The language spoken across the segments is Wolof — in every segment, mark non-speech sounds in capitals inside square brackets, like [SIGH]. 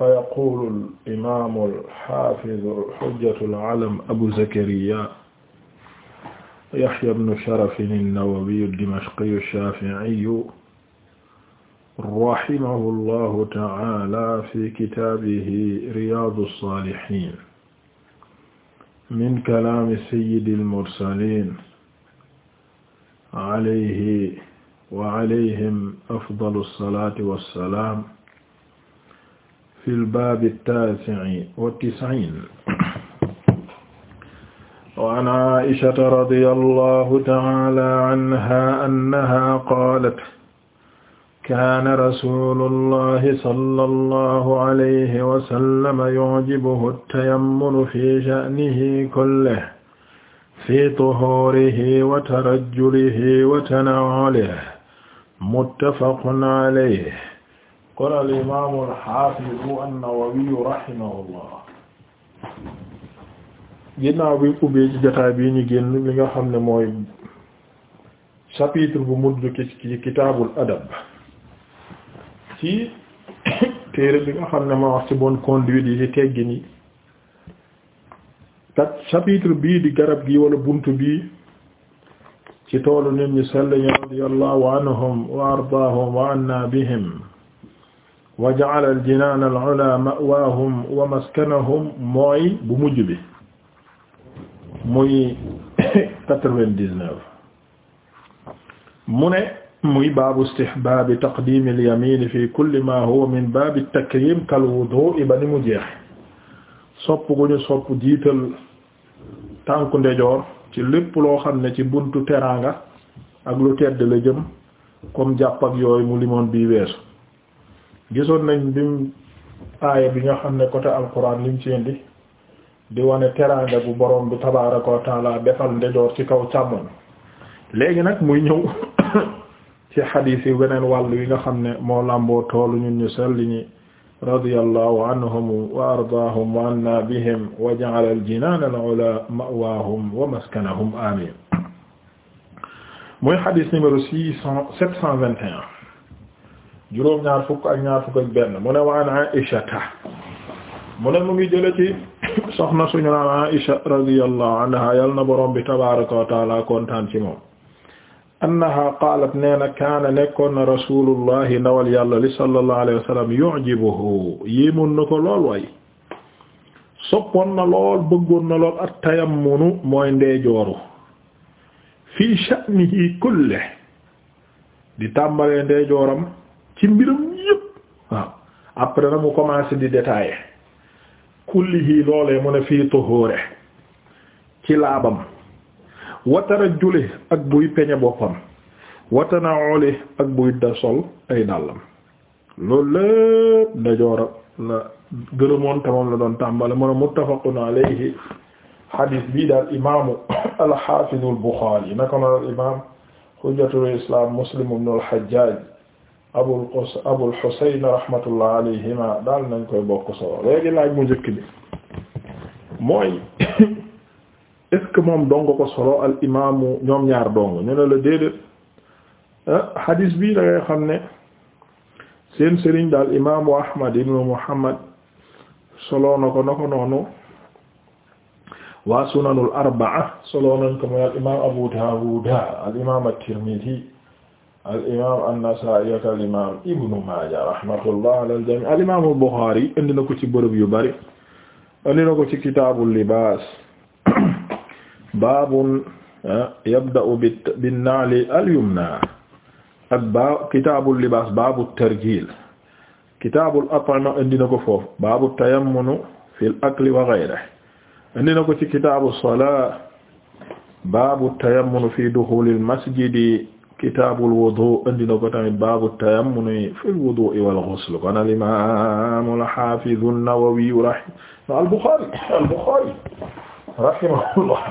فيقول الإمام الحافظ حجة العلم أبو زكريا يحيى بن شرف النووي الدمشقي الشافعي رحمه الله تعالى في كتابه رياض الصالحين من كلام سيد المرسلين عليه وعليهم أفضل الصلاة والسلام fi lbaabi at-taasi' wa tis'iin wa an Aa'ishata radiyallahu ta'aalaa anhaa annahaa qaalat kaana rasuulullahi sallallahu alayhi wa sallam yu'jibuhu at-tayammunu fi sha'nihi kullihi fi tuhuurihi wa tarajjulihi wa tana'ulihi muttafaqun alayhi kon al imaamu al xaafidu an-Nawawi rahimahullah bi ubbee ci jotaay bii ñu génn li nga xam ne mooy chapitre bu mujj ki ci kitaabul adab ci téere bi nga xam ne ma wax ci bon conduite yi ci teggin yi kat chapitre bii di garab gi wala bunt bi ci toolu nit ñi sell ñi anhum wa ardaahum wa anna bihim wa ja'ala al-jinaan al-'ulaa wa maskanahum mooy bu mujj bi muy [COUGHS] quatre mu ne muy baabu istihbaabi taqdiimi al-yamiin fi kulli maa huwa min baabi at-takriim kal-wuduu'i ba ni mu jeex sopp gu ñu sopp jiital tànku ndejoor ci lépp loo xam ne ci buntu teraanga ak lu tedd la jëm comme jàpp ak yooyu mu limoon bii weesu gisoon nañ bim aaya bi nga xam ne côté alquran lim ci indi di wane teraanga bu borom bi tabaaraka wa taala defal ndejoor ci kaw càmmoñ léegi nag muy ñëw [COUGHS] ci xadiis yi weneen wàll yi nga xam ne moo làmboo toolu ñun ñu selli ñi radiyallahu anhum wa ardaahum wa anna bihim wa ja'ala al-jinaana al-'ulaa ma'waahum wa maskanahum amiin muy xadiis numéro six cent sept cent vingt et juróom ñaar fukk ak ñaar fukk ak benn mu ne wa an Aisha mu ne mu ngi jële ci soxna suñu naan Aisha radiyallahu anha yal na borom bi tabaaraka wa kontaan ci moom annaha qaalat nee kaana nekkoon na rasulullahi ndawal yàlla li sallallahu alayhi wa sallam ko lool way soppoon lool bëggoon lool at tayammunu mooy ndeejooru fii sha'nihi kullihi di tàmbalee ndeejooram ci mbiram yépp après nag mu commencé di détailler kullihi loolee mu ne fii tuhóore ci laabam watara jule ak buy peñe boppam watana ole ak buy da ay dàllam loolu lépp dajoora la gërëmoon tamam la doon tàmbale mu ne muttafaqun alayhi hadis bii daal imaamu al-Hafiz al-Bukhari naka al imaam hujjatul islam Muslim ibn al abul qus abul husayn rahmatullah alayhima daal nañ koy bokk solo léegi laaj mu njëkk bi mooy [COUGHS] est-ce moom dong ko solo al imaamu ñoom ñaar dong ñu ne la déedéet ah, hadis bii da xam ne seen sëriñ daal imaamu Ahmad ibnu Muhammad solo na ko na ko noonu waa sunanul arbaa solo nañ ko mooy al imaam Abu Daawuda al imaam at-Tirmidhi al imaam an-Nasaa'i ak al imaam Ibnu Maaja rahmatullah ala al-jamii' al imaam al-Buxaari indi na ko ci bërëb yu bari indi na ko ci kitaabul libaas baabun yabda'u bin-na'li al-yumnaa ak baa kitaabul libaas baabu tarjiil kitaabul at'ima indi na ko foofu baabu tayammunu fil akli wa ghayrihi indi na ko ci kitaabu salaa baabu tayammunu fi duxuulil masjidi kitaabul wudu indi na ko tamit baabu tayammun fil wudu'i wal ghusl kon al imaam al haafiz an-Nawawi rahimah al Buxaari al Buxaari rahimahullah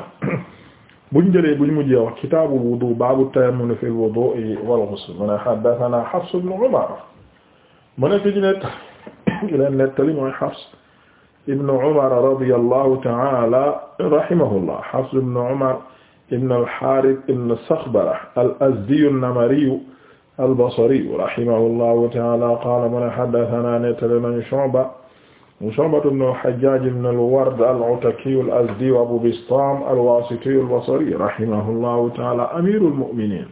buñ jëlee buñ mujjee wax kitaabul wudu baabu tayammun fil wudu'i wal ghusl mu ne haddathanaa Hafs ibn Umar mu ne fi ñu nett ki leen nettali mooy Hafs ibn Umar radiyallahu ta'ala rahimahullah Hafs ibn Umar ibn al-Harith ibn Sakhbara al-Azdi an-Namari al-Basri rahimahullahu ta'ala qala man haddathana netalana Shu'ba Shu'ba ibn al-Hajjaj ibn al-Ward al-Ataki al-Azdi Abu Bistam al-Wasiti al-Basri rahimahullahu ta'ala amirul mu'minin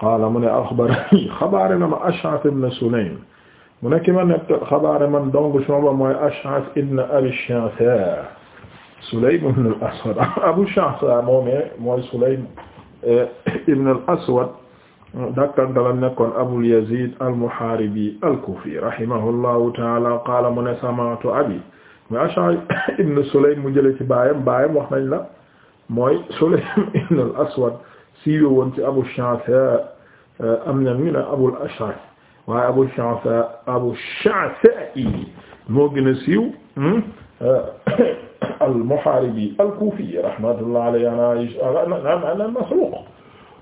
qala man akhbarani khabarana [LAUGHS] ma Ash'ath ibn Sulaym mu nekk man xabaare man dong Shu'ba mooy Ash'ath ibn Abi Sha'tha Sulaym ibn al-Aswad [LAUGHS] Abu Shahsa moomee mooy Sulaym eh, ibn al-Aswad dakkantalam nekkoon Abul Yazid al-Muharibi al-Kufi rahimahullahu ta'ala qaala mu ne sami'tu abi mu Ash'ari [LAUGHS] ibn Sulaym mu jële ci baayam baayam wax nañ la mooy Sulaym [LAUGHS] ibn al-Aswad siiwe woon ci Abu Shahsa eh, am na ñu ne Abul Ash'ar waaye Abu Shahsa Abu Shahsa moo gën a siiw hmm, eh, al-Muharibi al-Kufi rahmatullah alayhi an Masruq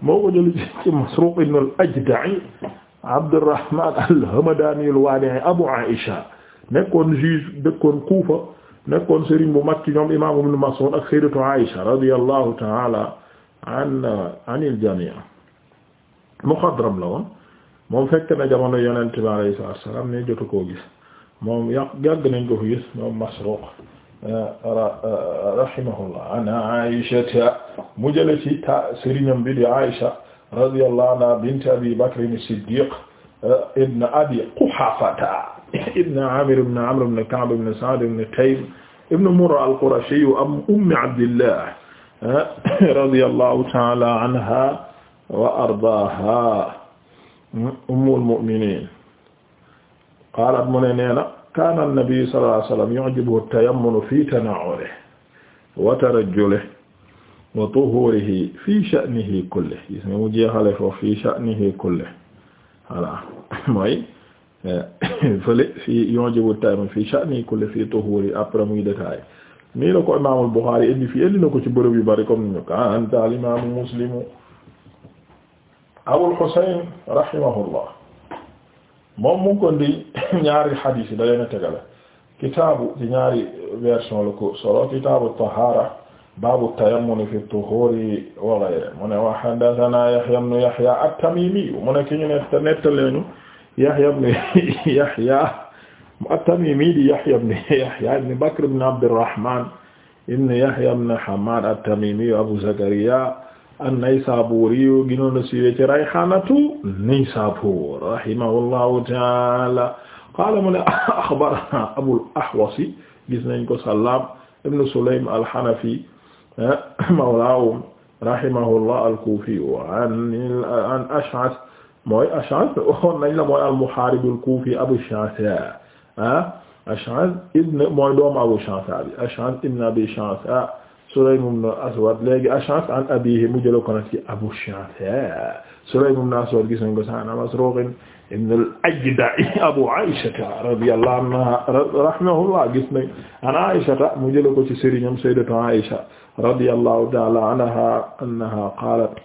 moo ko jël ci Masruq ibn al-Ajda'i Abdurrahman al-Hamadani al-Wadi'i Abu Aisha nekkoon juge dëkkoon Kufa nekkoon sëriñ bu mag ci ñoom imaam Ibn Mas'ud ak sayyidatu Aisha radiyallahu ta'ala anha anil jami' muxadram la woon moom fekk na jamono Yonent bi alayhi salaam ne jotu koo gis moom yàgg yàgg nañ ko fi gis moom Masruq rahimahullah an Aïsha mu jële ci ta sëriñam bi di Aïsha radiyallahu anha bint Abi Bakr as-Siddiq eh, ibn Abi Quhafa ibn Amir ibn Amr ibn Ka'b ibn Sa'd ibn Taym ibn Murra al-Qurashi am Ummi Abdillah eh, [LAUGHS] radiyallahu ta'ala anha wa ardaaha umm, ummul mu'minin qaalat mu ne nee na kaana an-nabi sallallahu alayhi wa sallam yu'jibuhu at-tayammunu fi tana'ulihi wa tarajjulihi wa tuhurihi fi sha'nihi kullihi gis nga mu jeexale foofu fi sha'nihi kullihi voilà [LAUGHS] mooy eh, [LAUGHS] fële fi yu'jibu at-tayammunu fi sha'nihi kullihi fi tuhurihi après muy détaillé nii la ko imaamul Buxaari indi fi indi na ko ci bërëb yu bari comme ñu kaana al-imaamu Muslimu Abul Husayn rahimahullah moom mu ngi ko ndi [LAUGHS] ñaari xadiis yi da leen a tegale kitaabu ci ñaari version la ko solo kitaabu tahaara baabu tayammuni fi tuhuuri wa ghayrihi mu ne wa Yahya ibnu Yahya at-Tamiimi mu ne ki ñu ne nettaleenu Yahya ibnu [LAUGHS] Yahya at-Tamiimi di Yahya [LAUGHS] Yahya ibnu Bakr ibnu Abdirrahmaan ibnu Yahya ibnu Hammaad an-Naysaburi yu gënoon a siiwee ci Rayhanatu Naysabur rahimahullahu ta'ala qaala mu ne axbarana Abul Ahwas gis nañ ko Sallaam ibn Sulaym al-Hanafi ah, mawlaahum rahimahullah al-Kufi an Ash'ath mooy Ash'ath waxoon nañ la mooy al-Muharib al-Kufi Abu Sha'tha ah, Ash'ath ibn mooy doomu Abu Sha'tha bi Ash'ath ibn Abi Sha'tha Sulaym ibn Aswad léegi Ash'ath an abiihi mu jël ko na ci Abu Sha'tha Sulaym ibn Aswad gis nañ ko sa Masruq ibn al-Ajda' Abu Aïsha radiyallahu anha rahimahullah gis nañ an Aïsha mu jël ko ci sëriñam Sayyidatu Aïsha radiyallahu ta'ala anha annaha qaalat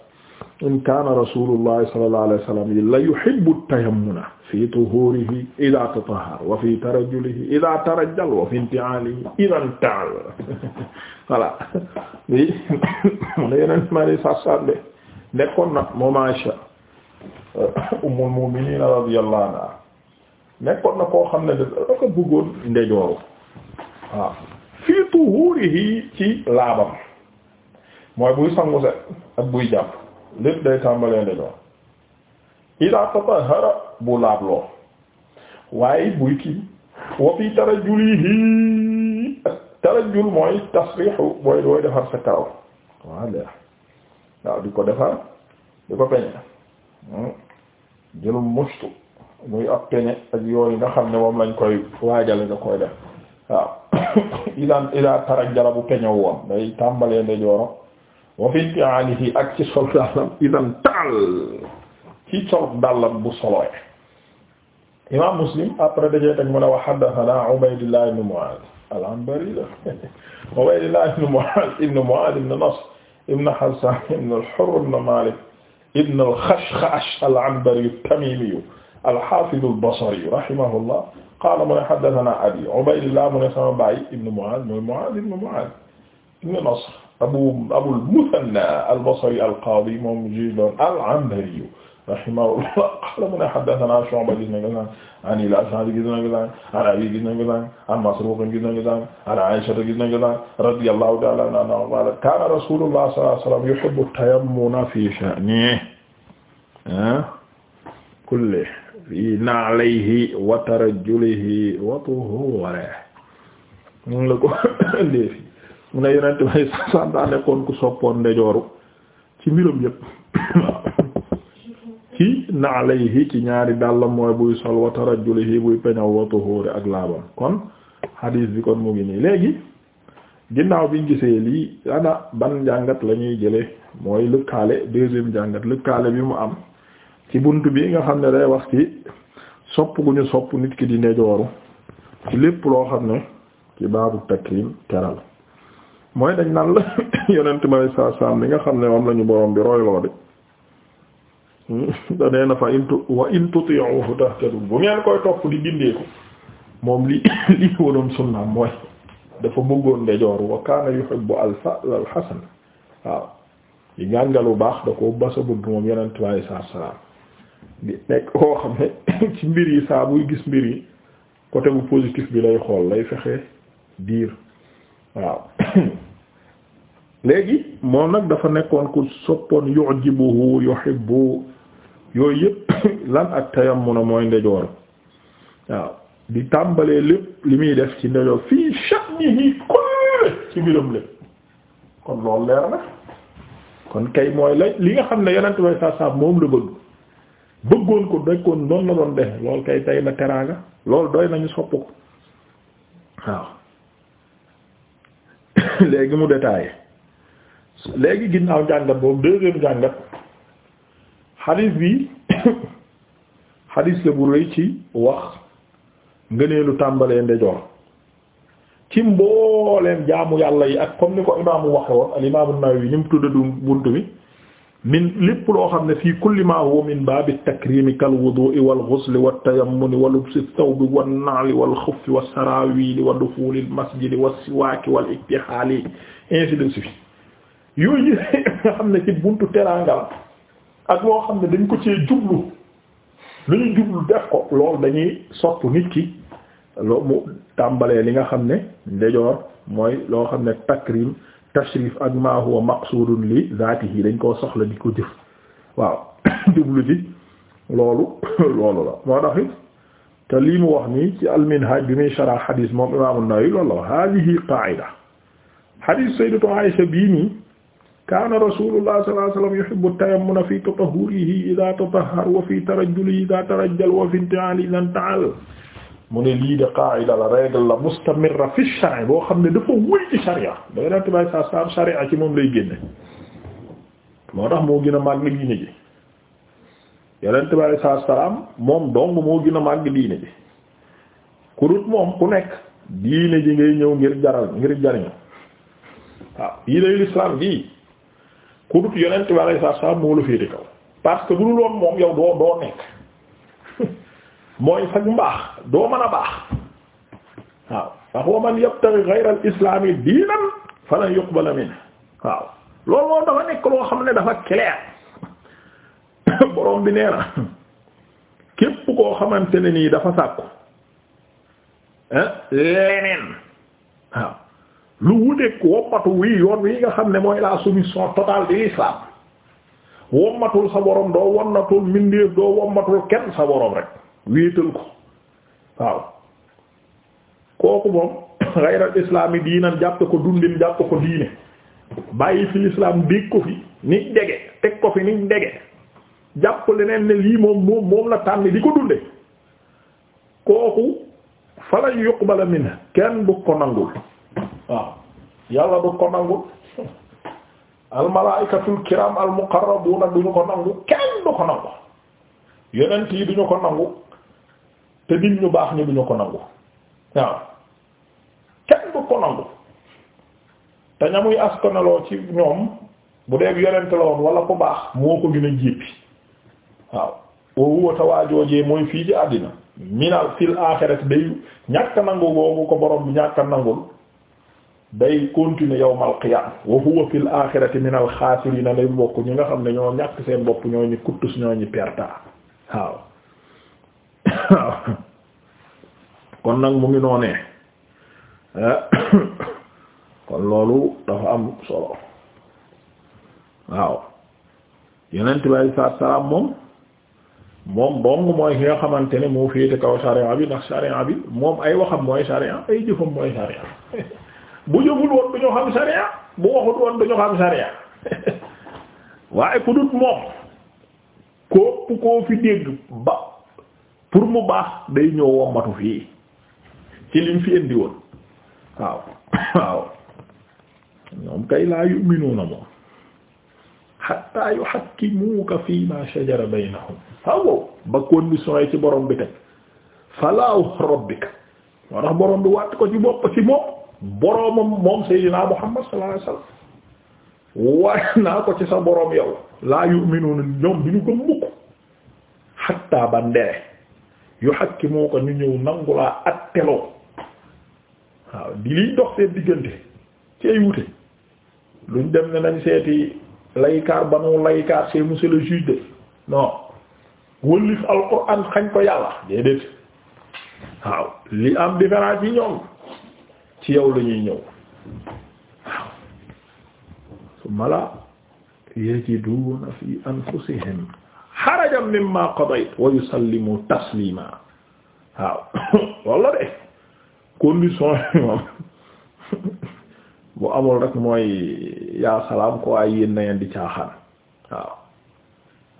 in kaana rasuulullahi sallallahu alayhi wa sallam la yuhibbu at-tayammuna fi tuhurihi ida tatahar wa fi tarajulihi ida tarajjal wa fi inti'alihi ida inti'al voilà mu ne ni sarsande nekkoon na moom Aïcha ummul mu'minin radiyallahu anha nekkoon na koo xam ne da ko bëggoon ndejooru fi tuhurihi ci laabam mooy buy sangu ak buy jàpp lépp day tàmbalee ndejoor ida tatahara bu laabloo waaye buy kii wa fi tarajjulihi tarajjul mooy tasrihu booy defar sa karaw wala waaw di ko defar di ko peñe hmm. jëlum mustu muy ab peñe ak yooyu nga xam ne moom lañ koy waajale nga koy def waaw idan [COUGHS] ida tarajjala bu peñew woon day tàmbalee nde jooro wa fi ti'alihi ak ci soldaalam idan taal ci col dàllam bu soloy imam muslim après dajee teg mu ne wa haddathana ubaydillah ibn mu'adh al-anbari la [LAUGHS] ubaydillah ibn mu'adh ibn mu'adh ibn nasr ibn hasan ibn al-hurr ibn malik ibn al-khashkhash al-anbari at-tamimi al-hafiz al-basri rahimahullah qaala mu ne haddathana abi ubaydillah mu ne sama baay ibn mu'adh mooy mu'adh ibn mu'adh ibn nasr abu abul muthanna al-basri al-qadi moom ji doon al-anbari rahimahullah qala mu ne haddathana Shu'ba gis nañ ko sànq al Abi gis nañ ko Masruq gis nañ ko sànq an Aisha gis nañ ko sànq radiyallahu ta'ala anha qalat kana rasulullah sallallahu fi sha'nihi kullihi fi na'lihi wa tarajjulihi wa la ko ndeefi mu ne yonente may sa san daa nekkoon ku soppoon ndejooru ci mbiram yëpp waaw ki na alayhi ci ñaari dàllam mooy buy sol wa tarajjulihi buy peñaw wa tuhuri ak laabam kon hadis bi kon mu ngi nii léegi ginnaaw biñ gisee lii ana ban njàngat lañuy jële mooy lëkkaale deuxième jàngat lëkkaale bi mu am ci bunt bi nga xam ne day wax ci sopp gu ñu sopp nit ki di ndejooru lépp loo xam ne ci baabu takrim teral mooy dañ naan la ma saa saam li nga xam ne moom la ñu borom bi royloo de da nee na fa intu wa intuti'uhu tahtadu bu ngeen koy topp di gindeeku moom li [COUGHS] li wonoon sunnaam mooy dafa bëggoon ndejoor wa kaana yuhibbu al hasan waaw di ngàngalu baax da ko basa moom yonent bi alayhi nekk koo xam ne [COUGHS] ci mbir yi saa gis mbir yi côté bu positif bi lay xool lay fexe diir waaw [COUGHS] léegi moom nag dafa nekkoon ku soppoon yu'jibuhu yuhibbu yooyu yëpp [COUGHS] lan ak tayam mun a mooy ndejoor waaw di tàmbalee lépp li muy def ci ndejoor fii sha'nihi kulli ci kon loolu leer mooy la li nga xam ne yenent way sa moom la ko dekkoon noonu la doon def loolu kay tay la loolu doy nañu sopp ko waaw [COUGHS] léegi mu détaillé léegi ginnaaw jàngat boobu deuxième jàngat xadiis bi xadiis [COUGHS] la bu rëy ci wax ngëneelu tàmbalee ndejoor ci mbooleem jaamu yàlla yi ak comme ni ko imaamu waxe woon al imaamu Nawawi mu tudd du bunt bi min lépp loo xam ne fii kulli ma huwa min baabi takrimi kal wudu'i wal ghusli wat tayammuni wa lubsi thawbi wan na'li wal xuffi was saraawili wa dufuulil masjidi was siwaaki wal iktixaali ainsi de suite yooyu yi nga xam ne ci buntu teraanga la ak loo xam ne dañ ko ci jublu lu ñu jublu def ko loolu dañuy sopp nit ki loo mu tàmbalee li nga xam ne ndejoor mooy loo xam ne takrim tashrif ak ma huwa maqsudun li zaatihi dañ koo soxla di ko jëf waaw [COUGHS] jublu ji loolu [COUGHS] loolu la moo tax te lii mu wax nii ci alminhaj bi muy shara xadiis moom imaamu Nawawi loolu la haadihi qaa'ida xadiis sayyidatu Aisha bii nii kaana rasulullah sallallahu alayhi wa sallam yuhibbu fi tatahhurihi idha tatahhar wa fi tarajjulihi idha tarajjal wa fi inti'ali idha mu ne lii de qaa'ida la règle la fi shar'i boo xam ne dafa wéy ci sharia da ngay bay sa sam sharia ci moom lay génne moo tax moo gën a màgg diine ji yonent bi alayhi salaatu salaam moom dong moo gën a màgg diine ji ku dut moom ku nekk diine ji ngay ñëw ngir jaral ngir jariñu waaw yi lay lislaam gi ku dut yonent bi alayhi salaam moo la féete kaw parce que bu dul woon moom yow doo doo nekk [LAUGHS] mooy sag mbaax doo mën a baax waaw ndax wa man yabtaghi ghayra al-islaami diinan falan yuqbala minhu waaw loolu moom dafa nekk loo xam ne dafa clair [COUGHS] borom bi nee na [COUGHS] képp koo xamante ne nii dafa sàkku eh, leneen lu wuteeg wommatu wii yoon wi nga xam ne mooy la soumission totale de l'islam wommatul sa borom doo wommatul mindeef doo wommatul kenn sa borom rek wéetal ko waaw kooku moom xayral [COUGHS] islaami diinan jàpp ko dundin jàpp ko diine bàyyi fi l'islam dégg ko fi niñ dege teg ko fi niñ dege jàpp leneen ne lii moom moom la tànn di ko dunde kooku fa la yuqbala min kenn bu ko nangul waaw yàlla du ko nangu al malaa'ikatul kiram al muqarrabuuna duñu ko nangu kenn du ko nangu yonent yi duñu ko nangu te nit ñu baax ñu duñu ko nangu waaw kenn du ko nangu te ñamuy askanaloo ci ñoom bu dee yonent la woon wala ko baax moo ko gën a jéppi waaw wa huwa tawaajoojee mooy fii ci àddina minal fil aaxirat day ñàkk nangu boobu ko borom bi ñàkk nangul day continuer yawmal qiyaam wa huwa fil aaxirati minal na lay mbokk ñi nga xam ne ñoo ñàkk seen bopp ñoo ñu kuttus ñoo ñu perta waaw [COUGHS] kon nag mu ngi noonee [COUGHS] kon loolu dafa am solo waaw yonent bi alei salaatu salaam moom moom dong mooy ki nga xamante ne moo féete kaw sharia bi ndax sharia bi moom ay waxam mooy sharia ay jëfam mooy sharia [LAUGHS] bu yëgul woon duñu xam sariya bu waxut woon duñu xam sariya [LAUGHS] waaye ku dut moom kóopu koo fi dégg ba pour mu baax day ñëw wommatu fii ci liñ fi indi woon waaw [LAUGHS] waaw ñoom kay laa yu'minuuna moom hatta yuhakkimuuka fii ma shajara baynahum waaw ba condition yi ci borom bi teg falaa rabbika moo tax borom bi wàtt ko ci bopp ci moom boroomam moom Seydina Muhammad sallallahu alayhi waaye naa ko ci sa boroom yow laa yu'minuuna ñoom duñu ko mukk xatta ba ndere yu xakki moo ko ñu ñëw nangulaa ak teloo waaw di liy dox seen diggante ci ay wute luñ dem ne nañ seeti laykaar ba nu laykaar c'est monsieur le juge de non wëllif alquran xañ ko yàlla déedéet waaw li am différence yi ñoom ci yow la ñuy ñëw waaw summa la yajiduuna fi anfusihim harajan mimma qadayta wa yusallimu taslima waaw [COUGHS] loolu la de condition moom [LAUGHS] bu amul rek mooy yaa salaam ko ay yéen na ngeen di caaxaan waaw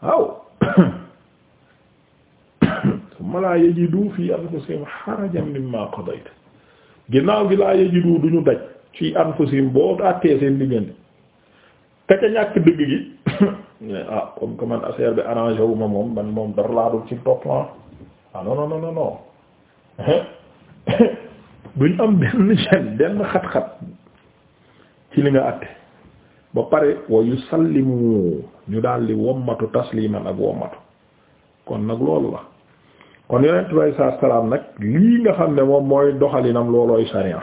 waaw [COUGHS] summa la yajidu fi anfusihim harajan mimma qadayta ginnaaw gi laa yajidu du ñu daj ci anfusim boo àttee seen diggante ka ca ñàkk dëgg gi [COUGHS] ah comme que man affaire bi arrangé wu moom man moom dara laa dul ci topp ah, ah non non non [COUGHS] duñ am benn gene benn xat-xat ci li nga àtte ba pare wa yusallimu ñu daal di wommatu tasliman ak wommatu kon nag loolu la kon yonent bi saa salaam nag lii nga xam ne moom mooy doxalinam loolooy sariya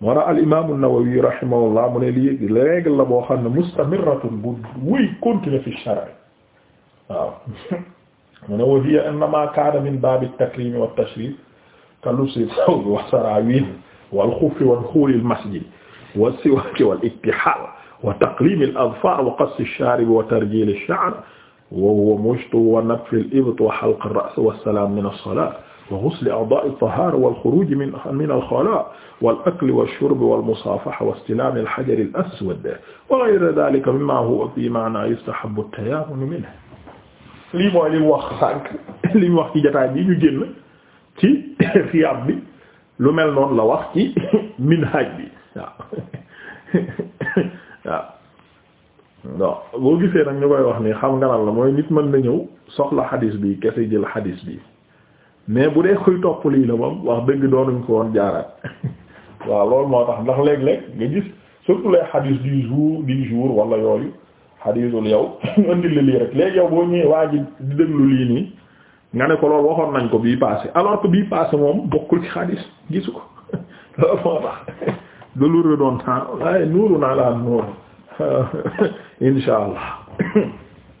moo tax al imaamu Nawawi rahimahullah mu ne lii règle la boo xam ne mustamirratun bu wéy continue fi shari waaw [LAUGHS] mu ne wa hiya innama kaana min baabi takrimi wa tashrif ka lubsi thawbi wa saraawil wal xuffi wa duxuuli al masjid wa siwaaki wal iktihaal wa taqliimi al adfaar wa qassi ash-shaarib wa tarjiili ash-sha'r wa huwa mushtu wa natfi al-ibt wa halq ar-ra's wa as-salam min as-salat wa ghusl a'da' at-tahara wal khuruj min min al-khala wal akl wash-shurb wal musafaha wa istilam al-hajar al-aswad wa ghayr dhalika mimma huwa fi ma'na yustahabbu at-tayammum minhu lii mooy li wax sànq li wax ci jotaay bi ñu génn ci Riyad bi lu mel noonu la wax ci [LAUGHS] Minhaj bi waaw [LAUGHS] waaw. non boo gisee nag ñu koy wax nii xam nga lan la mooy nit mën na ñëw soxla xadis bii kese jël xadis bi mais bu dee kuy topp lii la moom wax dëgg doonuñ ko woon jaaraat [LAUGHS] waaw loolu moo tax ndax léeg-léeg nga gis surtout les xadis du jour du jour wala yooyu yow [LAUGHS] ñu waa lii nii nga ne ko loolu waxoon nañ ko bii passé alors que bii passé moom bokkul ci xadis gisu ko [LAUGHS] loolu moo waaye nuuru naa laa nuuru insha allah [COUGHS]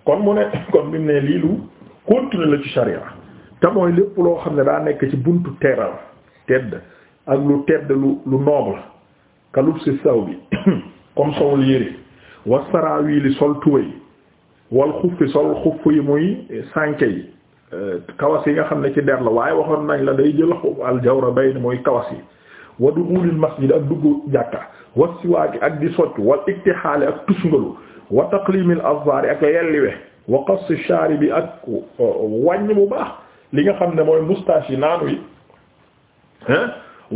kon mu ne kon mu ne lii lu continuer la ci sharia te mooy lépp loo xam ne daa nekk ci buntu teral tedd ak lu tedd lu lu noble kalub si saw bi [COUGHS] comme sowul yére was saraawili sol tuwe yi wal xuffi sol xuff yi muy sànke yi euh, kawas yi nga xam ne ci der la waaye waxoon nañ la day jël xub aljawra bay ni mooy kawas yi wa duxulil masjid ak dugg jàkka was siwaaki ak di soccu wal iktixaali ak tusngalu wa taqlimil azfaar ak yelliwe wa qass ash-shaari bi ak wàññ bu baax li nga xam ne mooy moustache yi naanu yi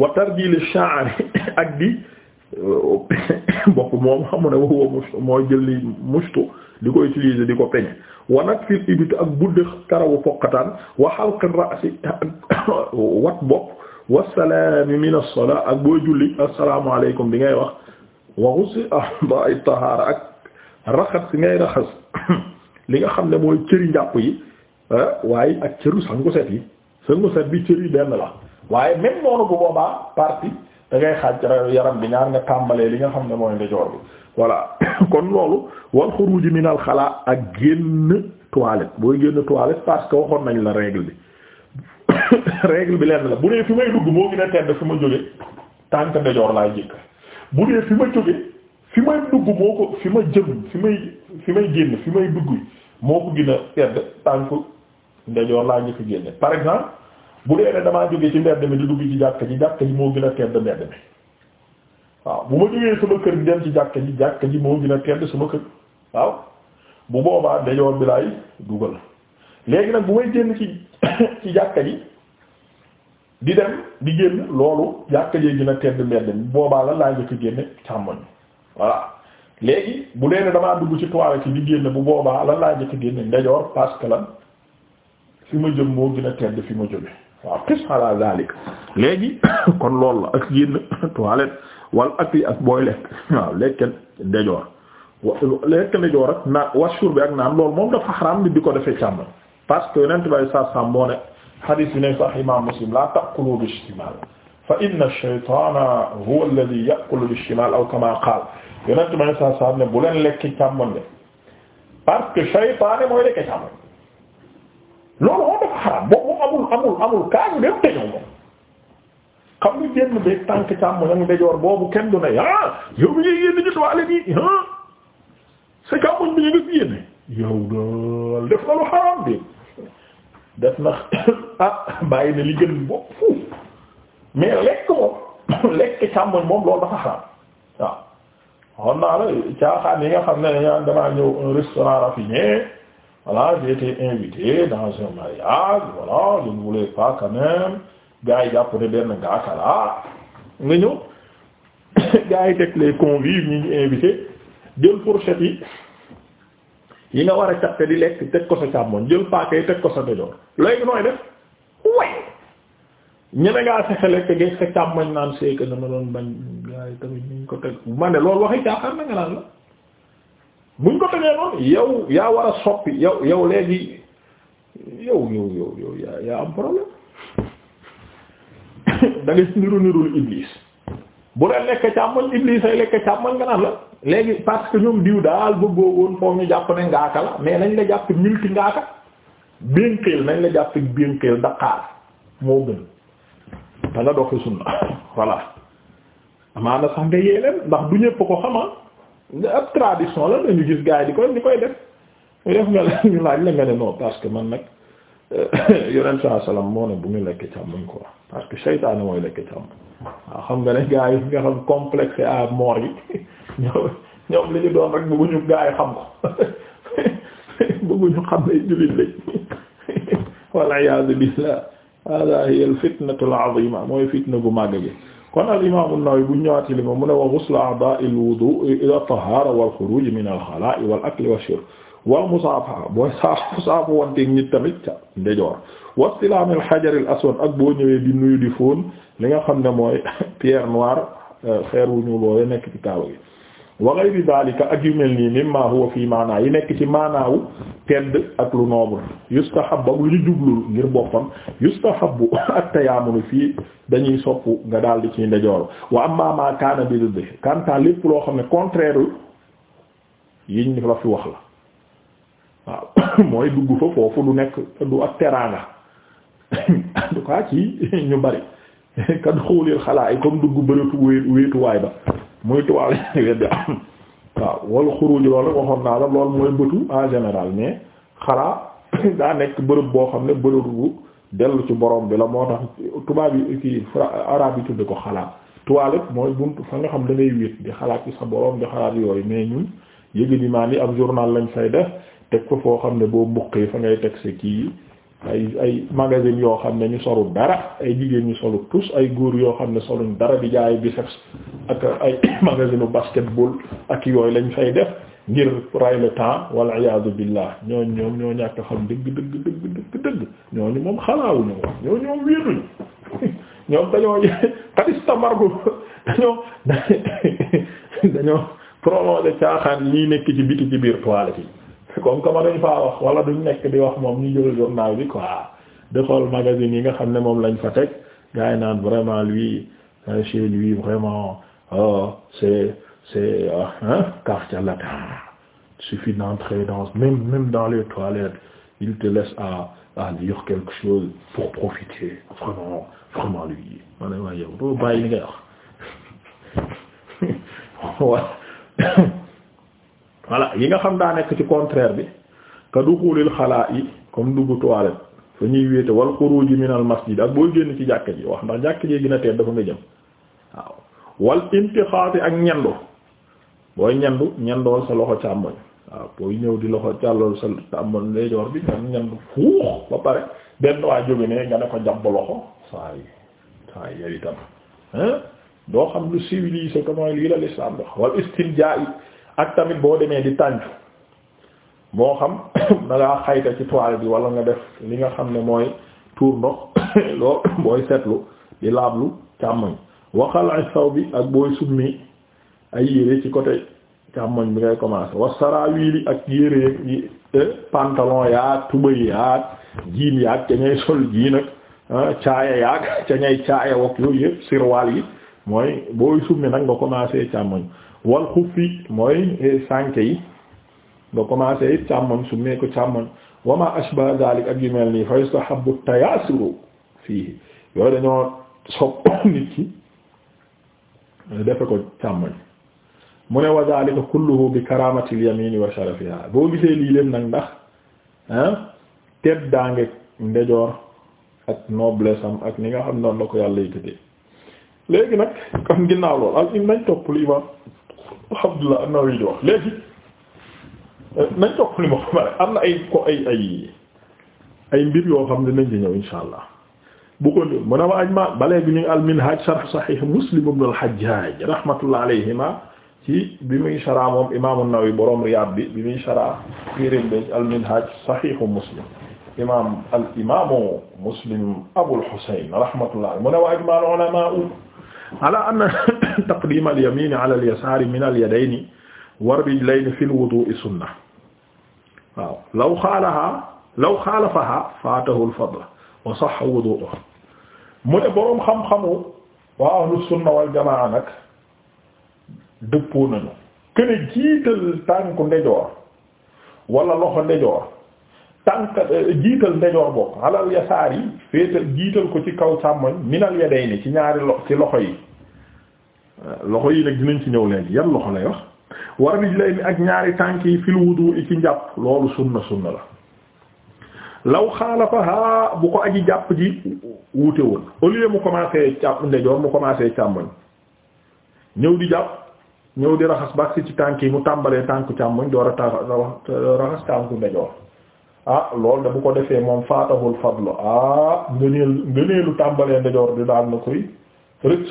wa tarjil ash-sha'r [COUGHS] ak di euh, [COUGHS] bopp moom xamu ne waxuwa mushtu mooy jëlli mushtu di ko utiliser di ko peñe wanak fil ibit ak budd karawu foqataan wa xalq ar-ra's [COUGHS] wat bopp wasalaami min as-salaa ak booy julli assalaamu alaykum bi ngay wax wa ghusl a'daa'i at-tahaara ak raxas si ngay raxas [COUGHS] li nga xam ne mooy cëri njàpp yi ah, waaye ak cëru sangu set yi sangu bi cër benn la waaye même noonu bu boobaa partie da ngay xaaj yaram bi ñaar nga tàmbalee li nga xam ne mooy ndejoor bi voilà [COUGHS] kon loolu wal xuruji minal xalaa ak génn toilette booy génn toilette parce que waxoon nañu la règle bi [COUGHS] règle bi lenn la bu dee fi may dugg moo gën a tedd fi ma jóge tànk ndejoor laay jëkk bu dee fi ma jóge may dugg moo ko fi ma jëm fi may fi may génn fi may dugg moo ko gën a tedd tànk ndejoor laa njëkk génne par exemple bu dee ne damaa jóge ci mbedd mi di dugg ci jàkka ji jàkka ji moo gën a tedd mbedd mi waaw bu ma jógee sama kër dem ci jàkka ji jàkka ji moo gën a sama kër waaw bu boobaa ndejoor bi laay dugal léegi nag bu may génn ci [COUGHS] ci jàkka ji di dem di génn loolu jàkka jee gën a tedd mbedd mi boobaa la laa njëkk génne càmmoñ voilà léegi bu dee ne damaa dugg ci toilette bi génn bu boobaa lan laa jëkk génne ndajoor parce que lan fi ma jëm moo gën a tedd fi ma jóge waaw xis ala zalik léegi [COUGHS] kon loolu la ak génn [COUGHS] toilette wal ak yi ak booy lekk waaw lekke ndajoor lekk ndajoor ak na washur bi ak naan loolu moom dafa xaraam nit ko defee càmm parce que yonent bay sa sam ne xadiis imam muslim la taqulu bi shimal fa inna ash-shaytana huwa alladhi bi shimal aw kama qala yonent a saa saa ne bu leen lekki càmmoñ de parce que saytaane mooy lekk càmmoñ loolu moo dafa xaraam amul amul amul kaa ñu dem tëjoo moom xam nga génn bi tànk càmmoñ ak ndejoor boobu kenn du ne ah yow mi ngi génn ñu doile nii ah sa càmmoñ bi ñu ngi génne yow daal def na lu xaraam de def na [COUGHS] ah bàyyi na li gën bopp lekk moom [COUGHS] lekk càmmoñ moom loolu dafa xaraam waaw. xon naa la caaxaan yi nga xam ne dañaan damaa ñëw un restaurant raffiné voilà j'ai été invité dans un mariage voilà je ne voulais pas quand même gars yi jàpp ne benn gaakala nga ñëw [COUGHS] gars yi teg les convives ñi ñu invité jël fourchette yi yi nga war a capte di lekk teg ko sa càmmoñ jël paaka yi teg ko sa déjoor léegi nooy def way ñeme ngaa fexe lekk gi sa càmmoñ naan seeka dama doon bañ gars yi tamit ñu ko teg ma loolu waxi caaxaan na nga naan la buñ ko tegee noonu yow yaa war a soppi yow yow léegi yow yow yow yow yaa yaa am problème [COUGHS] da ngay niru nirul iblis bu leen lekk càmmoñ iblis ay lekk càmmoñ nga naan la léegi parce que ñoom diw daal bëggoo woon foofu ñu jàpp ne ngaaka la mais nañ la jàpp milki ngaaka binkeel nañ la jàpp binkeel daqaar moo gën da nga sunna [LAUGHS] voilà amaana sax nga yee leen ndax du ñëpp ko xama ab tradition la nañu gis gars di koy di koy def nga leen [LAUGHS] laaj la nga ne non parce que man nag euh, [LAUGHS] yonent saa salaam moo ne bu ñu lekk càmmoñ quoi parce que seytaane mooy lekk càmmoñ waaw xam nga ne gars yi nga xam complexe à mort yi [LAUGHS] ñoom ñoom li ñu doon rek bëgguñu gars xam ko bëgguñu xam ne jullit lañ wal iyaadu al fitnatu al mooy fitna bu màgg gi kon al imam an-Nawawi bu ñëwaati li ma mu ne wa ghusl a'da'i al-wudu' ila at-tahara wal min al-khala'i wal akli wash-shurb wal musaafaha booy saafu [LAUGHS] saafu wanteeg nit tamit ca ndejoor ak boo ñëwee di nuyu di li nga xam ne mooy [LAUGHS] pierre noire xeer euh, wu wa ghayri dhalika ak yu mel nii mimma huwa fii maanaa yi nekk ci maanaawu tedd ak lu noble yustahabbu ak lu ñu jublu ngir boppam yustahabbu at-tayammunu fii dañuy sopp nga daal di ciy ndejoor wa amma kaana bi dëdd kanta lépp loo xam ne contraire yiñ la fi wax la waaw [COUGHS] mooy dugg fa foofu du nekk du ak teraanga [COUGHS] en tout ci ñu bari [COUGHS] ka duxulil xalaa yi comme dugg bëreetu wéetuwaay ba muy tuwaal weddi waaw wal xuruj loolu rek waxoon naa la loolu mooy bëtu en général mais xalaa daa nekk bërëb boo xam ne bërëb bu dellu ci boroom bi la moo tax tubaab yi kii araab yi tudde ko xalaa toilette mooy bunt fa nga xam da wéet di xalaat ci sa borom di xalaat yooyu mais ñun yëg di maa journal lañ fay def teg ko foo xam ne boo mbuqee fa ngay teg sa kii ay ay magasin yoo xam ne ñu solul dara ay jigéen ñu solul tous ay góor yoo xam ne soluñ dara di jaay biceps ak ay [COUGHS] magasinu basketball ak yooyu lañ fay def ngir ray le temps wal iyaadu billah ñooñ ñoom ñoo ñàkk xam dëgg dëgg dëgg dëgg ñooñu moom xalaawuñu moom ñoo ñoom wéeruñu [LAUGHS] ñoom dañoo [LAUGHS] xadistamargu dañoo [LAUGHS] dañoo prolongé caaxaan lii nekk ci biti ci biir comme que mënuñ faa wax wala duñ nekk di wax moom ñu jël journal bi quoi de xool yi nga xam ne moom lañu fa teg gars naan vraiment lui euh, chez lui vraiment oh c'est c'est euh, hein quartier latin suffit d'entrer dans même même dans les toilettes il te laisse à à lire quelque chose pour profiter vraiment vraiment lui ma ne ma yow bàyyi li ngay wax voilà yi nga xam daa nekk ci contraire bi ka duxulil xalaa yi comme dugg toilette fa ñuy wéete wal xuruji min al masjid ak boo génn ci jàkka ji wax ndax jàkka jee gën a teet dafa nga jëm waaw wal intixaati ak ñendu booy ñendu ñendool sa loxo càmmoñ waaw booy ñëw di loxo càllool sa càmmoñ ndeyjoor bi ñan ñendu fuux ba pare benn waa jóge ne nga ne ko jàpp loxo saa yi saa yi yow itam doo xam lu civilisé ko mooy lii la l'islam dox wal istinjaa ak tamit boo demee di tàncu moo xam [COUGHS] da ngaa xayta ci toile bi wala nga def li nga xam ne mooy tuur ndox [COUGHS] lool [COUGHS] booy seetlu di laablu càmmoñ waxal ay saw bi ak booy summi ay yére ci côté càmmoñ bi ngay commencer wasara wiili ak yére yi e, pantalon yaa tubëy yaag jiin yaag ca sol jiin ak e, caaya yaag ca ñay caaya wok yooyu yëpp sirwaal yi mooy booy summi nag nga commencer càmmoñ wal xuffi mooy eh, sànke yi nga commencé it càmmoñ su mee ko càmmoñ wama ashba zalik ak yu mel nii fa yustahabbu tayaasuru fii yooyu dañoo sopp [COUGHS] nit ki defe ko càmmoñ mu ne wa zalika kulluhu bi karamatil yamini wa sharafiha boo gisee lii leen nag ndax ah tedd daange ndejoor ak noblesse ak ni nga xam noon la ko yàlla yëkkatee léegi nag kon ginnaaw lool ak im nañ topp li imam alhamdulilah an-Nawawi di wax léegi nañ topp li ma ko pare am na ay ko ay ay ay mbir yoo xam ne nañ ci ñëw insha allah bu ko mu ne ma aj ma balee bi ñu al-Minhaj sharh Sahih Muslim ibn al-Hajjaj rahmatullah alayhima ci bi muy shara moom imam an-Nawawi borom Riyad bi bi muy shara téeréem bi al-Minhaj Sahih Muslim imam al-imam Muslim Abul Husayn rahmatullah mu ne wa ajma al-ulama ala anna [COUGHS] taqdim alyamini ala alyasaari min alyadayni wa rijlayni fi lwudu'i sunna waaw law xaalaha law xaalafaha faatahu lfadl wa sahha wudu'uhu mu ne boroom xam-xamu waa ahlu sunna wal jamaa nag dëppoo nañu kene jiital tànku ndejoor wala loxo ndejoor tànk euh, jiital ndejoor bokk alal yasaar yi féetal jiital ko ci kaw càmmoñ minal ya day ni ci ñaari lo ci loxo yi euh, loxo yi nag dinañ ci ñëw leen yan loxo lay wax war rijlayni ak ñaari tànk yi fil wudu i ci njàpp loolu sunna sunna la law xaalafaha bu ko aji jàpp ji wuute woon au lieu mu commencé càpp ndejoor mu commencé càmmoñ ñëw di jàpp ñëw di raxas baax ci tànk yi mu tàmbalee tànku càmmoñ door a ta raxas tànku ndejoor ah loolu da bu ko defee moom faatahul fadlu ah na koy rëcc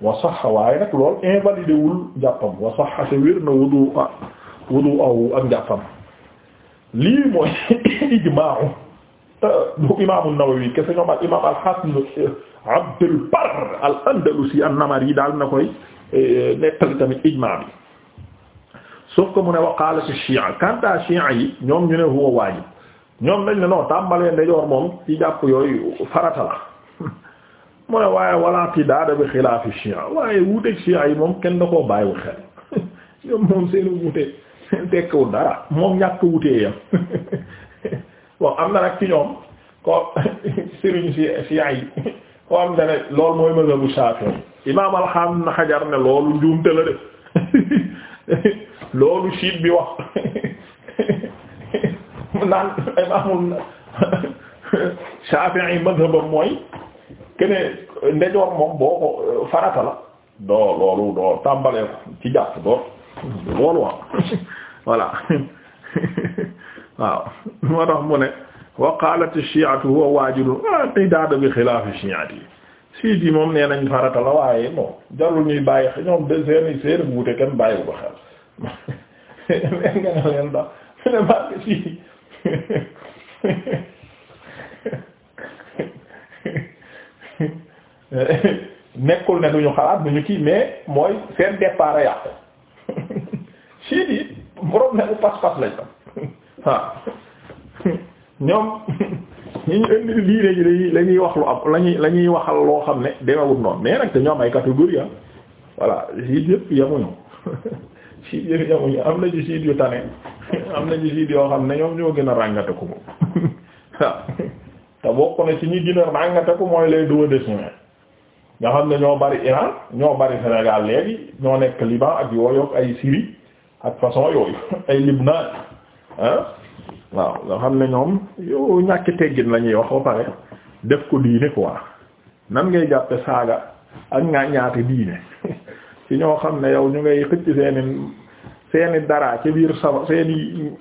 wa sax waaye nag lool invalidé wul wa sax te na wudu ah wudu awu ak njàppam lii mooy [COUGHS] ijmaa'u bu imaamu Nawawi kese ñoom ak imaam al-Hasan Abdul al-Andalusi an-Namari daal na koy e, nettali tamit ijmaa bi sauf que mu ne wa qaala ci Shi'a quant yi ñoom ñu ne huwa waajib ñoom lañ ne non tàmbalee ndejoor moom ci jàpp yooyu farata la [LAUGHS] mu ne waaye walaati daada bi xilaafi chian waaye wuuteeg chian yi moom kenn da koo bàyyiwul xel [LAUGHS] ñoom moom seen wuute seen tekkiwul dara moom ñàkk wutee yam [LAUGHS] bon am na nag ci ñoom ko sëriñ si yi ko am na ne loolu mooy mazhabu Shafi'i imaam alxam na xajar ne loolu njuumte la de loolu siit bi wax naan imaamul Shafi'i mazhabam mooy kene ndejoor moom boo farata la doo loolu doo tàmbalee ko ci jàpp doo loolu waaw voilà waaw moo tax mu ne wa qalat ash-shi'atu huwa waajibun i'tidaad bi xilaaf ash-shi'ati siit yi moom nee nañ farata la waaye moom jarul ñuy bàyyi kenn bàyyi ko xel leen [LAUGHS] nga ne leen daal ne bàyyi [LAUGHS] nekkul ne ñu xalaat duñu kii mais mooy seen départ a yàqu siit [LAUGHS] yi problème bu pas-pas lañ am [LAUGHS] waaw ñoom ñi ñu indi diine ji la ñuy wax lu am la ñuy la ñuy waxal loo xam ne demewut noonu mais nag dañoo am ay catégorie ah voilà siit yëpp yemuñu siit yëpp yemuñu am na ci siit yu tane [LAUGHS] am nañu siit yoo xam ne ñoom ñoo gën a ko moom [LAUGHS] waaw te bokk na ci ñi gën a ràngateku mooy les deux décennies nga xam ne ñoo bari Iran ñoo bari Sénégal léegi ñoo nekk Liban ak yooyu ay Syrie ak façon yooyu [LAUGHS] ay Libna ah waaw nga xam ne ñoom yow ñàkk teggin lañuy ñuy wax ba pare def ko diine quoi nan ngay jàppe saaga ak ngaa ñaate diine ci ñoo xam ne yow ñu ngay xëcc seeni seeni dara ca biir sama seeni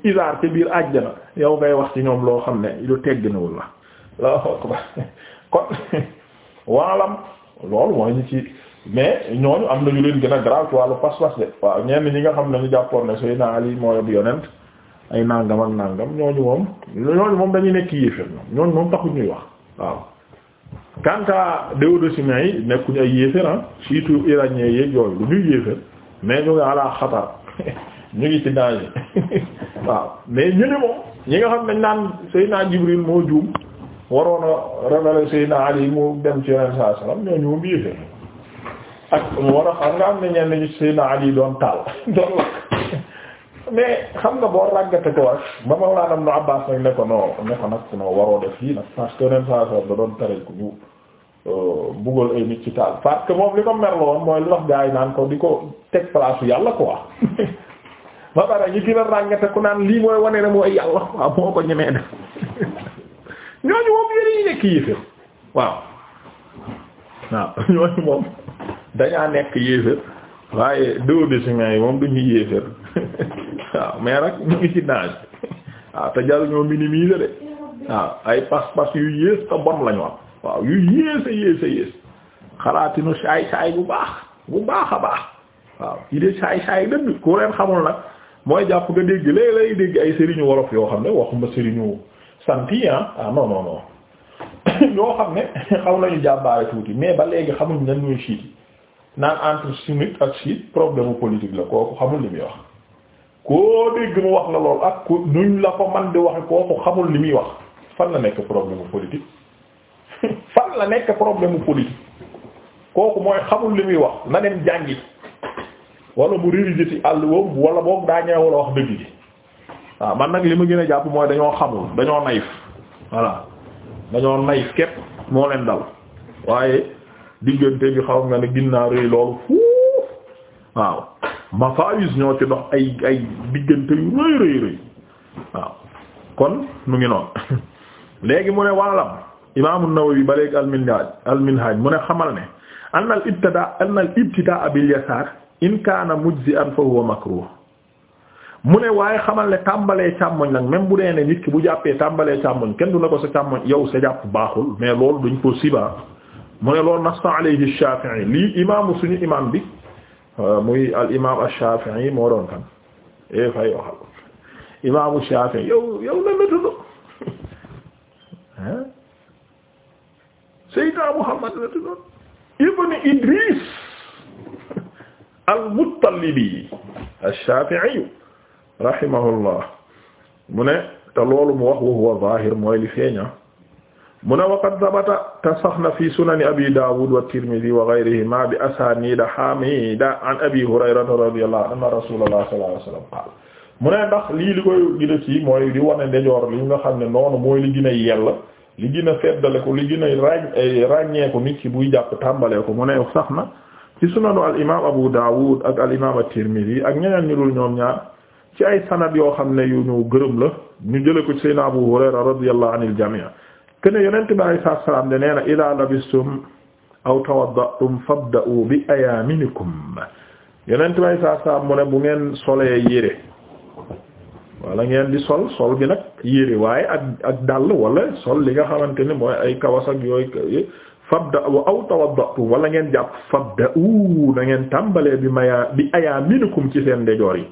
isaar ca biir àjjana yow ngay wax ci ñoom loo xam ne lu tegginawul la Allahu akbar kon waalam loolu mooy ñu ci mais ñooñu am nañu leen gën a garaaw ci wàllu pas-pas de waaw ñenn ñi nga xam ne ñu jàppoon ne Seydina Ali mooy yonent ay nangam ak nangam ñooñu moom ñooñu moom dañuy nekk yéeféer ñooñu moom taxul ñuy wax waaw kanta duodécimains yi nekkuñu ay yéeféer ah surtout iranien yeeg yooyu lu ñuy yéeféer mais ñu nga alaa xatar ñu ngi ci naaj waaw mais ñu ne moom ñi nga xam ne naan Seydina Jibril moo juum waroon a révélé naa Ali mu dem ci Yonent saa salaam ñoo ñu mu ak war a xam nga am na ñenn ñu naa Ali doon taal [LAUGHS] doon lakk mais xam nga boo ràggate ko wax ba ma laa dam nu Abbaas nag ne ko no ne ko nag no waroo def fii nag parce que Yonent saa doon tere ku ñu buggal ay nit ci taal parce que moom li ko merlo mooy lu gaa yi naan ko di ko teg place yàlla quoi [LAUGHS] ba pare ñu gën a ràññate ku naan lii mooy wane na mooy yàlla waaw moo ko ñemee def [LAUGHS] ñooñu moom yëre yi nekk yéeféer waaw waaw [LAUGHS] ñooñu moom dañaa nekk yéeféer waaye deux décimaires yi moom duñu yéeféer waaw mais nag ñu ngi ci naaj waaw te jaru ñoo minimiser de waaw ay pas-pas yu yées te bon lañu am waaw yu yées a yées a yées xalaatinu saay saay bu baax bu baax a baax waaw yi de saay saay dëgg ku leen xamul nag mooy jàpp nga dégg léeg lay dégg ay sëriñu wolof yoo xam ne waxuma sëriñu sant yi ah, ah non non non [COUGHS] yoo xam ne [COUGHS] xaw nañu jàmbaare tuuti mais ba léegi xamuñ nan ñuy siit naan entre sunnite ak siit problème politique la kooku xamul li muy wax koo dégg mu wax la lool ak ku nuñ la ko man di waxe kooku xamul li muy wax fan la nekk problème politique [LAUGHS] fan la nekk problème politique kooku mooy xamul li muy wax na dem jàngi wala bu révisé ci àll boobu wala boog daa ñëwul a wax dëgg gi waaw man nag li ma gën a jàpp mooy dañoo xamul dañoo nayif voilà dañoo nayif képp moo leen dal waaye diggante bi xaw nga ne ginnaaw rëy loolu fuuf waaw mafaayis ñoo ci dox ay ay diggante yu rëy rëy rëy waaw kon mu ngi noonu [LAUGHS] léegi mu ne waalam imaamu Nawawi ba léegi al-Minhaj mu ne xamal ne anna al-ibtidaa anna al-ibtidaa bil yasaar in kaana mujzi'an fa huwa makruh mu ne waaye xamal ne tàmbalee càmmoñ nag même bu dee ne nit bu jàppee tàmbalee càmmoñ kenn du na ko sa càmmoñ yow sa jàpp baaxul mais loolu duñ ko siba mu ne loolu nasta alayhi al imaam moo doon kan eh fay waxal imaamu Shafi'i yow yow lan la tudd [LAUGHS] Seydina Muhammad la tuddoon ibn Idris al-Muttalibi ash-Shafi'i rahimahullah mu ne te loolu mu wax mooy li feeña ah. mu waqad sabata te fi sunani abi Dawud wa Tirmidhi wa ghayrihima bi asanida hamida an abi Hurayrata radiyallahu anhu anna rasulullah sallallahu ndax lii li koy gën ci mooy di wane ndejoor li nga ne noonu mooy li gën a li gën a feddale ko li gën a ràññ ràññeeku nit ci buy jàpp tàmbalee ko mu ne sax na ci sunanu al imaam Abu Dawud ak al imaam at-Tirmidhi ak ñeneen ñu dul ñoom ñaar ci ay sanad yoo xam ne yu ñu gërëm la ñu jële ko ci Seydina Abu Hurayra radiyallahu anil jamii kene yonent bi alayhi salaatu salaam de nee na labistum aw tawaddatum fabda'u bi ayaaminikum yonent bi alayhi salaatu salaam mu ne bu ngeen solee yére wala ngeen di sol sol bi nag yére waaye ak ak dàll walla sol li nga xamante ne mooy ay kawas ak yooyu fabda wa aw tawaddatu wala ngeen jàpp fabda u na ngeen tàmbalee bi maya bi ayaaminikum ci seen ndejoor yi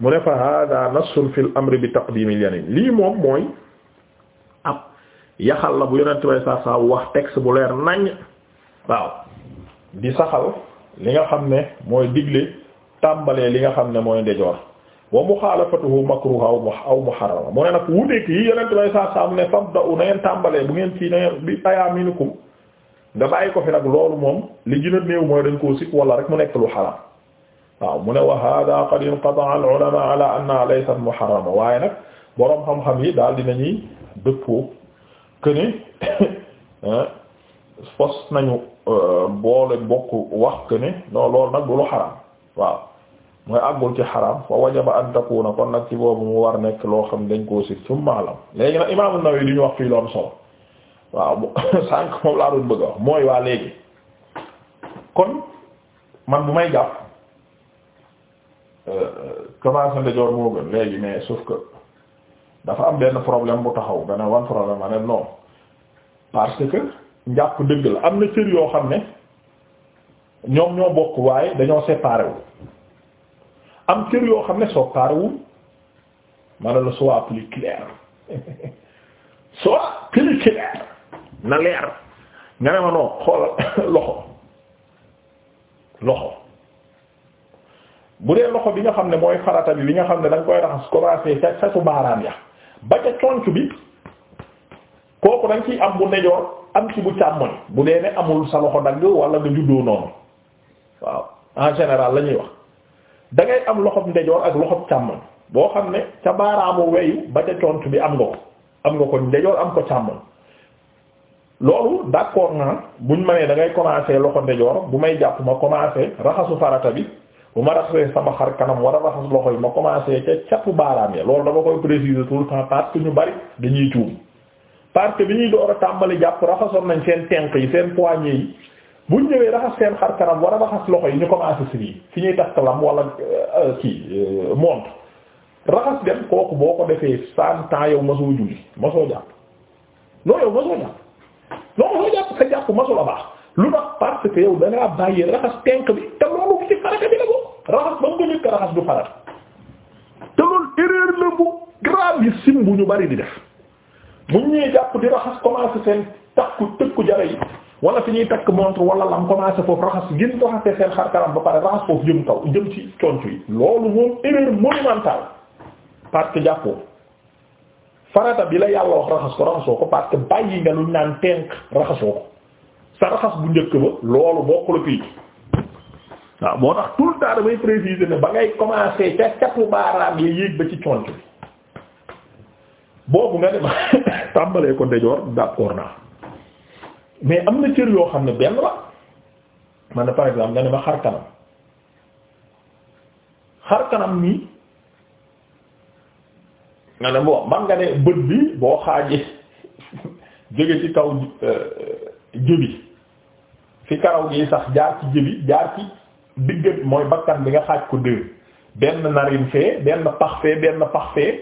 mu ne fa hada nassun fil amri bi taqdimil lii moom mooy ab yaxal la bu yonent bay saa saa wax texte bu leer nañ waaw di saxal li nga xam ne mooy digle tàmbalee li nga xam ne mooy ndejoor wa muxaalafatuhu makruha aw muharrama mu ne nag wuuteeg yi yonent lay saa saa mu ne fabda'u na ngeen tàmbalee bu ngeen ci na ngeen bi ayaaminikum nga bàyyi ko fi nag loolu moom li gën néew mooy dañ koo sikk wala rek mu nekk lu xaraam waaw mu ne wa hada qad inqata'a al-ulama ala anna laysat waaye nag boroom xam-xam yi daal dinañuy dëppoo que ne fos nañu euh, boole bokk wax que ne loolu nag du lu xaraam waaw. mooy àggul ci xaram fa wajaba an takuna kon nag ci boobu mu war nekk loo xam dañ koo sit su maalam léegi nag imaamu Nawawi li ñu wax fii lu am solo waaw [LAUGHS] moom laa doon bëgg mooy waa léegi kon man bu may jàpp euh, commencé ndejoor moo gën léegi mais sauf que dafa am benn problème bu taxaw benn wan problème ma ne non parce que njàpp dëgg la am na cër yoo xam ne ñoom ñoo bokk waaye dañoo séparé am cër yoo xam ne soppaaruwul ma ne la soit plus clair [LAUGHS] soit plus clair na leer nga ne ma noonu xoolal [COUGHS] loxo loxo bu dee loxo bi nga xam ne mooy farata bi li nga xam ne da nga koy raxas commencé ca ca baaraam ya ba ca conc bi kooku da nga ciy am bu nejoor am ci bu càmmoñ bu dee ne amul sa loxo dagg wala nga juddoo noonu waaw en général la ñuy wax. da ngay am loxob ndejoor ak loxob càmmoñ boo xam ne ca baaraamu weyu ba ca cont bi am nga ko am nga ko ndejoor am ko càmmoñ loolu d'accord naa buñ ma nee dangay ngay commencer loxo ndejoor bu may jàpp ma commencer raxasu farata bi bu ma raxasee sama xar kanam war a raxas loxo yi ma commencer ca catu baaraam ya loolu dama koy préciser tout le temps parce que ñu bari dañuy tuum parce que bi ñuy door a tàmbali jàpp raxasoon nañ seen tenk yi seen poignée yi buñ ñëwee raxas seen xar kanam war raxas loxo yi ñu commencé si fi ñuy takk lam wala euh, kii euh, mont raxas dem kooku boo ko defee san temps yow masoo julli masoo jàpp jàpp non masoo jàpp sa jàpp masul a baax lu tax parce que yow da raxas tenk bi te loolu ci farata bi la ko raxas ba nga ko njëkk raxas du farata te loolu erreur la bu gravissime bu ñu bari di def buñ ñëwee jàpp di raxas commencé seen takku tëkku jara yi wala fi ñuy takk montre wala lam commencé foofu raxas gin raxase seen xar kanam ba pare raxas foofu jëm kaw jëm ci conc yi loolu moom erreur monumentale parce que jàppoo farata bi la yàlla wax raxas ko raxasoo ko parce que bàyyi nga luñ naan tenk raxasoo ko sa raxas bu njëkk ba loolu bokku la waaw moo tax tout le temps damay préciser ne ba ngay commencer ca catu baaraam ya yéeg ba ci conc bi boobu nga ne [LAUGHS] tàmbalee ko ndejoor d'accord naa mais am na cër yoo xam ne benn la man na par exemple nga ne ma xar kanam xar kanam nii nga ne boo man nga ne bët bi boo xaajee [LAUGHS] jóge ci kaw euh, jëbi fi karaw gi sax jaar ci jëbi jaar ci diggat mooy bakkan bi nga xaaj ko dër benn narin fee benn pax fee benn pax fee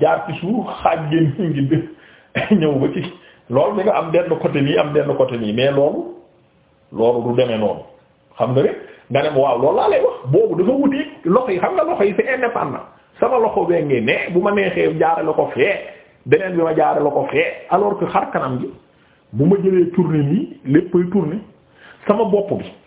jaar ci suuf xaaj génn ngi dër [LAUGHS] ñëw ba ci loolu di nga am benn côté nii am benn côté nii mais loolu loolu du demee noonu xam nga ne nga ne waaw loolu laa lay wax boobu dafa wuti loxo yi xam nga loxo yi c'est na sama loxo bee ngi ne bu ma neexee jaarale ko fee beneen bi ma jaarale ko fee alors que xar kanam gi bu ma jëlee tourner nii léppay tourner sama bopp bi.